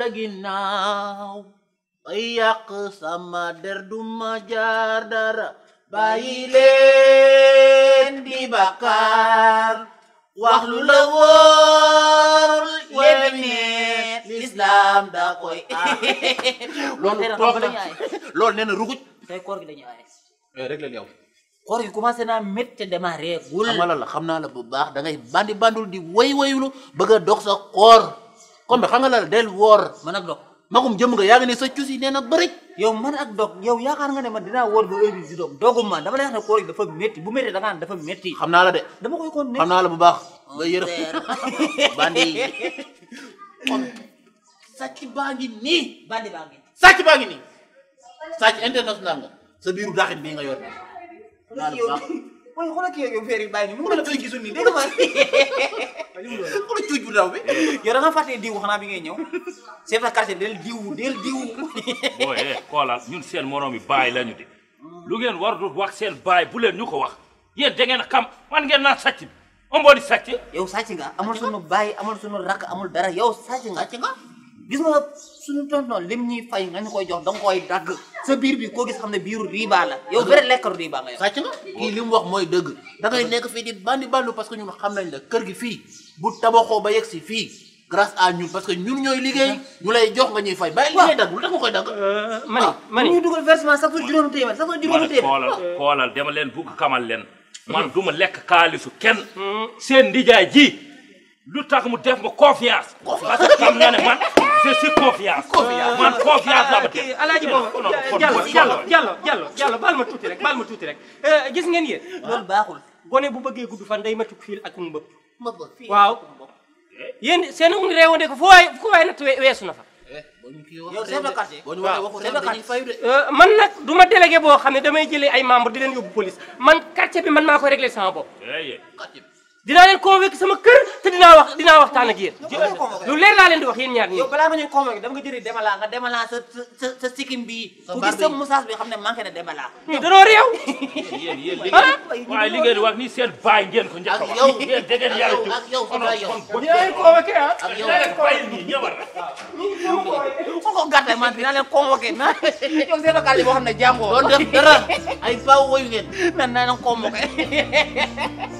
la ginnaaw ba yàq sama der du ma jaar dara bàyyi leen di bakkaar wax lu la wóor yéen ne lislaam da koy loolu toog na loolu nee tey koor gi dañuy aaye eh, rek leen koor gi commencé naa métti démarré gul xamala la xam naa la baax da ngay bandi bandul di way wayulu bëgg a dox sa koor comme xam nga la del woor man ak dog magum jëm nga yaa ngi ne sa cus yi nee na bëri yow man ak dog yow yaakaar nga ne man dinaa woor ba heure bi di dog doogu ma dama lay wax ne koor gi dafa métti bu métti da ngaa dafa métti xam naa la de dama koy kon ne xam naa la bu baax nga yërë bandi kon sàcc baa ngi nii bandi baa ngi sàcc baa ngi nii sàcc international nga sa biiru daaxit bii nga yor naa la bu baax mooy xoolal kii yeeg verre yi bàyyi nii mu la tuuj gisul nii dégg nga xoolal bi yow da nga fàtte diw xanaa bi ngay ñëw de quartier del diw del diw booy eh, xoolal seen morom yi baay lañu de lu ngeen war du wax seen baay bu leen ñu ko wax yéen da ngeen xam man ngeen naan sàcc bi ombooni sàcc yow sàcc nga amul sunu baay amul sunu rakk amul dara yow saa nga sàcc nga gis nga suñu tonton lim ñuy fay nga ñu koy jox danga koy dagg sa biir bi koo gis xam ne biiru riba la yow vrai lekkaru riba nga yow sàcc na kii li wax mooy dëgg dangay nekk fii di bandi bandu parce que ñun xam nañ la kër gi fii bu tabaxoo ba yegg si fii grâce à ñun parce que ñun ñooy liggéey ñu lay jox nga ñuy fay bàyyi li ngay dagg lu tax nga koy dagg. Euh, mani ah, mani ñu dugal versement sax fa juróomi téeméer sax fa juróomi téeméer. xoolal ah. xoolal dama leen bugg xamal leen. Hmm. man du ma lekk kaalisu kenn. Hmm. seen ndijaay ji lu tax mu def ma confiance. parce que xam man. je suis confiance. confiance man confiance laa ko def. alaaji boobu Diallo Diallo Diallo Diallo baal ma tuuti rek baal ma tuuti rek eh, gis ngeen yéen. loolu baaxul. gone bu bëggee gudd fan day matuk fiil ak mbëb. waaw. yéen seen un réewande ko foo waay foo waay natt weesu na fa. Eh, yow eh, man nag du ma délégué boo xam ne damay jëlee ay membre di leen yóbbu police man quartier bi man maa koy réglé sama bopp. dinaa leen convoqué sama kër te dinaa wax dinaa waxtaan ak yéen. lu leer laa leen di wax yéen ñaar ñii. yow balaa ma ñuy convoqué dama nga jëri demalaa nga demalaa sa sa sa bi. sa baax bi ku gis sa message bi xam ne manqué na demalaa. danoo réew. yéen yéen li ah? ngeen waaye li ngeen wax ni seen baay ngeen ko a wax. leen convoqué ah. ak naa. yow seen locale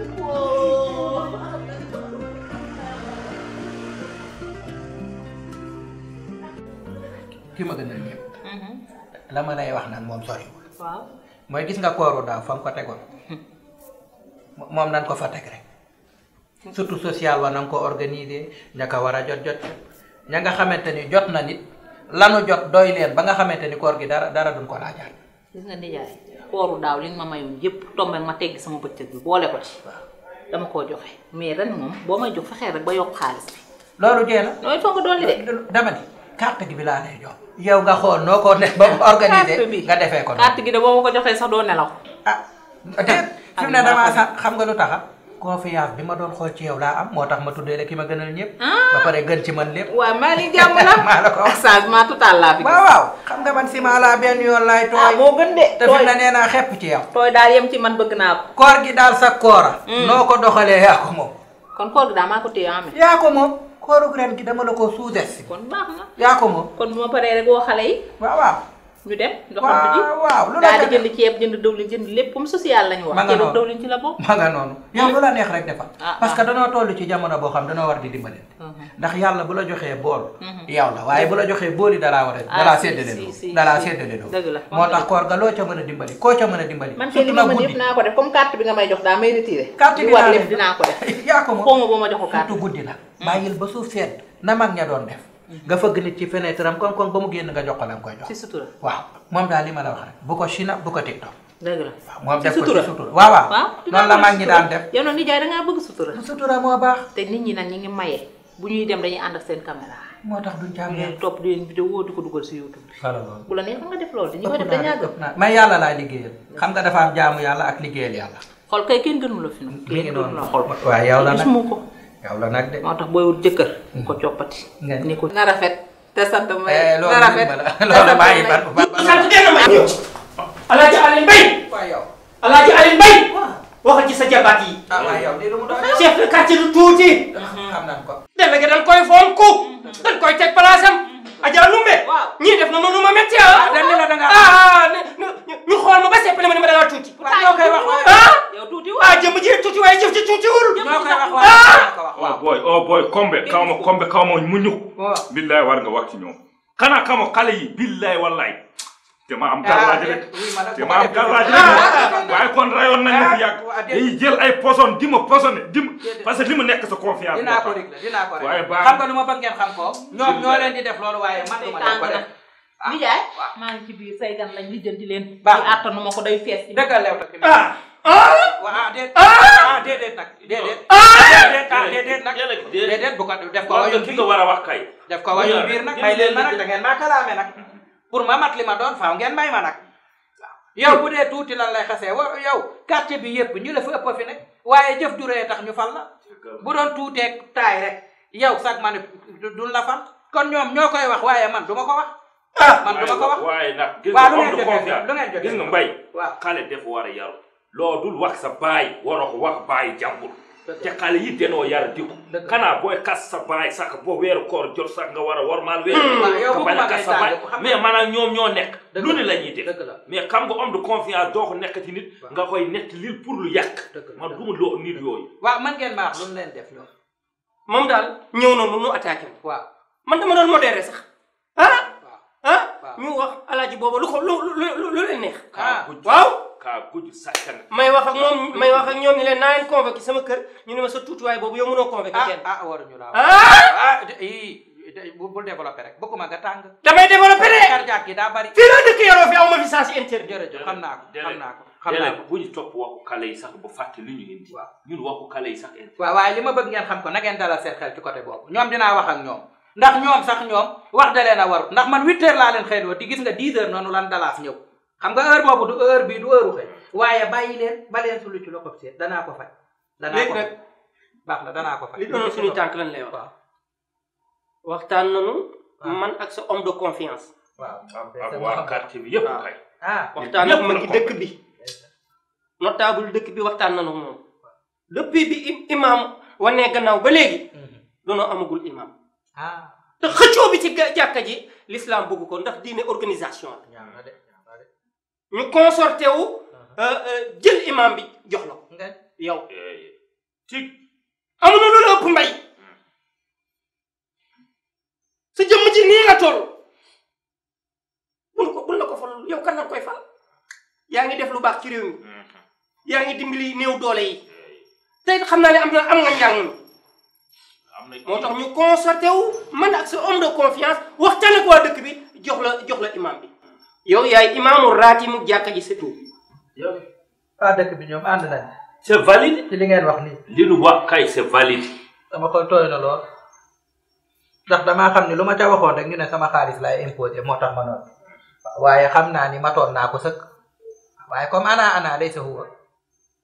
kii ma mm-hmm. gën a la ma lay wax nag moom soriwul. mooy gis nga kooru daaw fa ko tegoon. Hmm. moom nan ko fa teg rek. surtout social wa na ko organiser ña ko war a jot jot ña nga xamante ni jot na nit lanu jot doy leen ba nga xamante ni koor gi dara dara duñ ko laajaat. gis kooru daaw li nga ma mayoon yëpp tombe ma tegg sama bëccëg bi boole ko ci dama koo joxe mais ren moom boo may jox fexee rek ba yokk xaalis loolu dee na nooy foog dolli de dama ni carte gi bi laa lay jox yow nga xool noo ko def ba mu organisé nga defee ko carte gi de boo ma ko joxee sax doo nelaw ah déet ah, ne damaa sax xam nga lu taxa confiance bi ma doon xool ci yow laa am moo tax ma tuddee la ki ma gënal ñëpp. Ah! ba pare gën ci man lépp. waaw maa ngi jàmm nag maa la ko wax changement total laa fi. waaw waaw xam nga man si maa laa benn yoon laay tooy. ah moo gën de te fi na nee xepp ci yow. tooy daal yem ci man bëgg naa ko. koor gi daal sa koora. Mm. noo ko doxalee yaa ko moom. kon koor gi daal maa ko téye amee. yaa gi dama la ko suudes. kon baax yaa ko moom. kon bu ma paree rek woo xale yi. waaw waaw. ñu dem. doxantu ji waaw lu la daal di la bokk. Ah, ah. que danoo toll ci jamono boo xam danoo war di dimbalante. Mhm. ndax bool. Mhm. yow la waaye la joxee bool yi dalaa war ah, moo tax koor ga loo ca mën a ma mën yëpp bi nga may jox daa may retiré. carte bi naa ko def yaa ko moom xaw ma joxu carte surtout guddi la mm. bàyyil ba suuf sedd na mag ña doon def nga fëgg nit ci fenêtre am koŋ koŋ ba mu génn nga jox ko koy jox. ci sutura waaw moom daal li la wax rek bu ko China bu ko TikTok. dëgg la da ngaa bëgg sutura. sutura moo baax. te nit ñi nag ñi ngi maye bu ñuy dem dañuy ànd ak seen caméra. moo tax duñ caa topp di leen vidéo dugal si YouTube bi. bu la neex nga def loolu. dañu ko def dañaa gëm may yàlla laay liggéeyal. xam nga dafa am jaamu yàlla ak liggéeyal yàlla. xool kay kenn gënu la fi. mi ngi noonu xool waaw yow la gaaw la nag de. moo tax booy wut jëkkër. Hmm. ko coppati. nga ni ko na rafet. te sant na rafet eh, loolu bàyyi ba ba ba. Alaaji Alioune Mbaye. waaw yow Alaaji Alioune Mbaye. waxal ci sa jabaat yi. ah waaw yow de lu mu doon chef de quartier du tuuti. Ah, xam naa ko. defe nga dañ koy fonk. Hmm. dañ koy teg place am. Hmm. Adja Lumbe. waaw ñii def na mënu ma métti ah. ah boy o oh boy kombe kawmo kombe kawmo muñu billahi war nga wax ci ñoom kana kamo xale yi billahi wallahi te ah, eh, ma am gàllaaj rek ah, ah, waaye kon rayoon nañ la fi day jël ay poson di ma posone di ma parce que li mu nekk sa confiance dinaa ko réglé dinaa ko réglé xam nga lu ma leen di def loolu waaye ma def ko def nijaay maa ngi ci biir say gan lañ li jël ko day fees dëgg ah déedéet ah déedéet nag déedéet. ah déedéet nag déedéet bu ko def ko wayu biir war a wax kay. def ko wayu biir nag may leen ma nag da ngeen maa kalaame nag pour ma mat li ma doon faaw ngeen may ma nag. yow bu dee tuuti lan lay xasee wa yow quartier bi yëpp ñu la fa ëpp fi ne waaye jëf du rëy tax ñu fal la bu doon tuutee taay rek yow sax man duñ la fal kon ñoom ñoo koy wax waaye man du ma ko wax. man du ma ko wax waaye nag. gis nga lu ngeen jotee gis nga mbay. waaw xale def war a yaru loo dul wax sa baay waroo ko wax baay jàmbur te xale yi denoo yar di ko xanaa booy xas sa baay sax boo weeru koor jot sax nga war a warmaal weeru ka hmm. bañ a xas sa baay mais maanaam ñoom ñoo nekk lu ne la ñuy def mais xam nga homme de confiance doo ko nekk ci nit nga koy nett lil pour lu yàq man du ma loo nit yooyu waaw man ngeen baax lu leen def loolu moom daal ñëw na lu nu attaqué waaw man dama doon modéré sax ah ah ñu wax alaaji booba lu ko lu lu lu leen neex ah. Ah, may wax ak moom may wax ak ñoom ni leen naa leen convoqué sama kër ñu ne ma sa tuutiwaay boobu yow mënoo convoqué ah, kenn. ah ah waruñu la ah bul développé rek bokkuma nga tàng. daa bari. fii la xam naa ko xam naa xam naa ko bu ñu topp waxu yi sax bu fàtte li ñu indi. sax indi. waaye li ma bëgg ngeen xam ko na ngeen dalal seen xel ci côté boobu ñoom dinaa wax ak ñoom ndax sax ñoom wax da leen a waru ndax man huit heures laa leen xëy di gis nga dix noonu lan dalaas ñëw xam nga heure boobu du heure bii du heure xëy waaye bàyyi leen ba leen sulu ci loxob seet danaa ko faj. danaa ko baax na danaa ko faj. tànk lan lay waxtaan nañu. man ak sa homme de confiance. waaw bi yëpp ah. waxtaan nañu man dëkk bi. dëkk bi waxtaan nañu moom. depuis bi imaam wanee gannaaw ba léegi. Mhm. doonoo amagul imaam. Ah. te xëccoo bi ci jàkka ji l'islam bëgg ko ndax diine organisation la. ñu consorté wu ah. euh, euh, jël imam bi jox la ko yow ci amul lu la ëpp mbay sa jëmm ci nii nga toll bul ko bul la ko fal yow kan koy fal yaa ngi def lu baax ci réew mm-hmm. yaa ngi dimbali néew doole yi te xam naa ne am na am nga njàng moo tax ñu concerté wu man ak sa homme de confiance waxtaane ko waa dëkk bi jox la jox la imam bi yow yaay imaamu raati mu jàkka ji surtout. yow waa dëkk bi ñoom ànd nañ. c' est valide. li ngeen wax nii. li nu wax kay c' est dama ko tooy na lool ndax damaa xam ne lu ma ca waxoon rek sama xaalis laay imposé moo tax ma noonu waaye xam naa ni matoon naa ko sëkk waaye comme ana ana lay sa huwa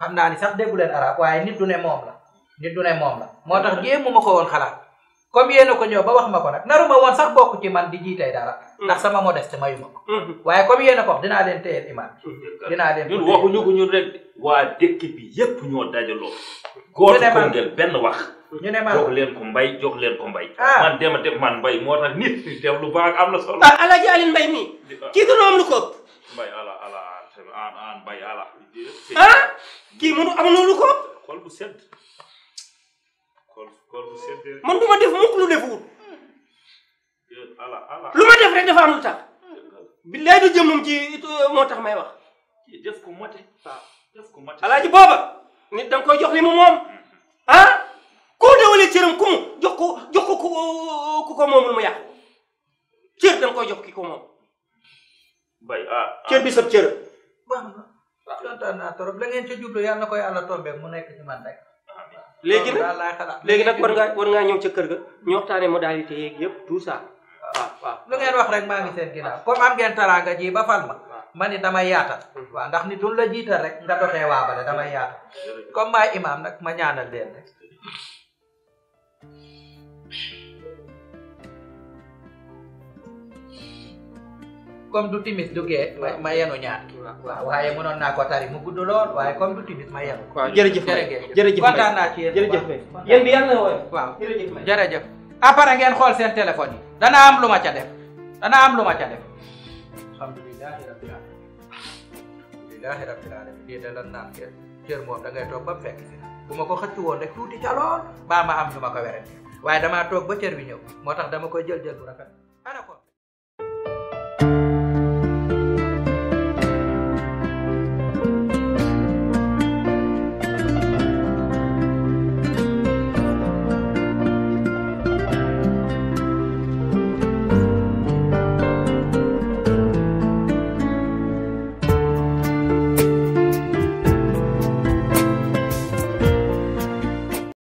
xam naa ni sax déggu leen arab waaye nit du ne moom la nit du ne moom la moo tax jéemu ma ko woon xalaat. comme yéen ko ñëw ba wax ma ko nag naruma woon sax bokk ci man di jiitay dara. Mm. ndax sama modeste mayu ma ko. Mm-hmm. waaye comme yéen a ko wax dinaa leen téyeel imaam. Mm-hmm. dinaa leen ñun waxuñu ko ñun rek. waa dëkk bi yépp ñoo dajaloo. góor ko ngeen benn wax. ñu ne ma jox leen ko mbay jox leen ko mbay. Ah. man dema def man mbay moo tax nit ñi def lu baax am na solo. ah El Hadj Alioune Mbaye mii. kii du noom lu ala ala an an mbay ala. ah kii mënu amuñu lu ko. man du ma def mukk lu defuwul lu ma def rek dafa lu tax billaay du jëmmam ci euh, moo tax may wax def ko mote ah. def ko mote alaaji booba nit da koy jox li mu moom ah koo dawalee cëram ku mu jox ko jox ko ku euh, ko moomul mu yàqu cër da nga koy jox ki ko moom bay ah, ah. bi sab cër na ko yàlla tombee léegi nag léegi nag war ngaa war ngaa ñëw ca kër ga ñu waxtaanee modalité yeeg yëpp tout ça lu ngeen wax rek maa ngi seen ginnaaw comme am ngeen taraanga ji ba fal ma ma ni damay yaata hmm. waaw ndax ni duñ la jiital rek nga doxee waabale damay yaatal comme maay imaam nag ma ñaanal leen rek comme du timis duggee. ma ma yenu ñaar ki waaw waaye mënoon naa ko tari mu gudd lool waaye comme du timis ma yenu. waaw jërëjëf a jërëjëf kontaan naa ci yéen. ngeen xool seen téléphone yi dana am lu ma ca def dana am lu ma ca def. alhamdulilahi rabbil alamin alhamdulilahi rabbil alamin lii da la naan kër kër moom da toog ba fekk bu ma ko xëcc woon rek tuuti ca lool baa ma am lu ma ko werante waaye damaa toog ba cër bi ñëw moo tax dama ko jël jël bu rafet ana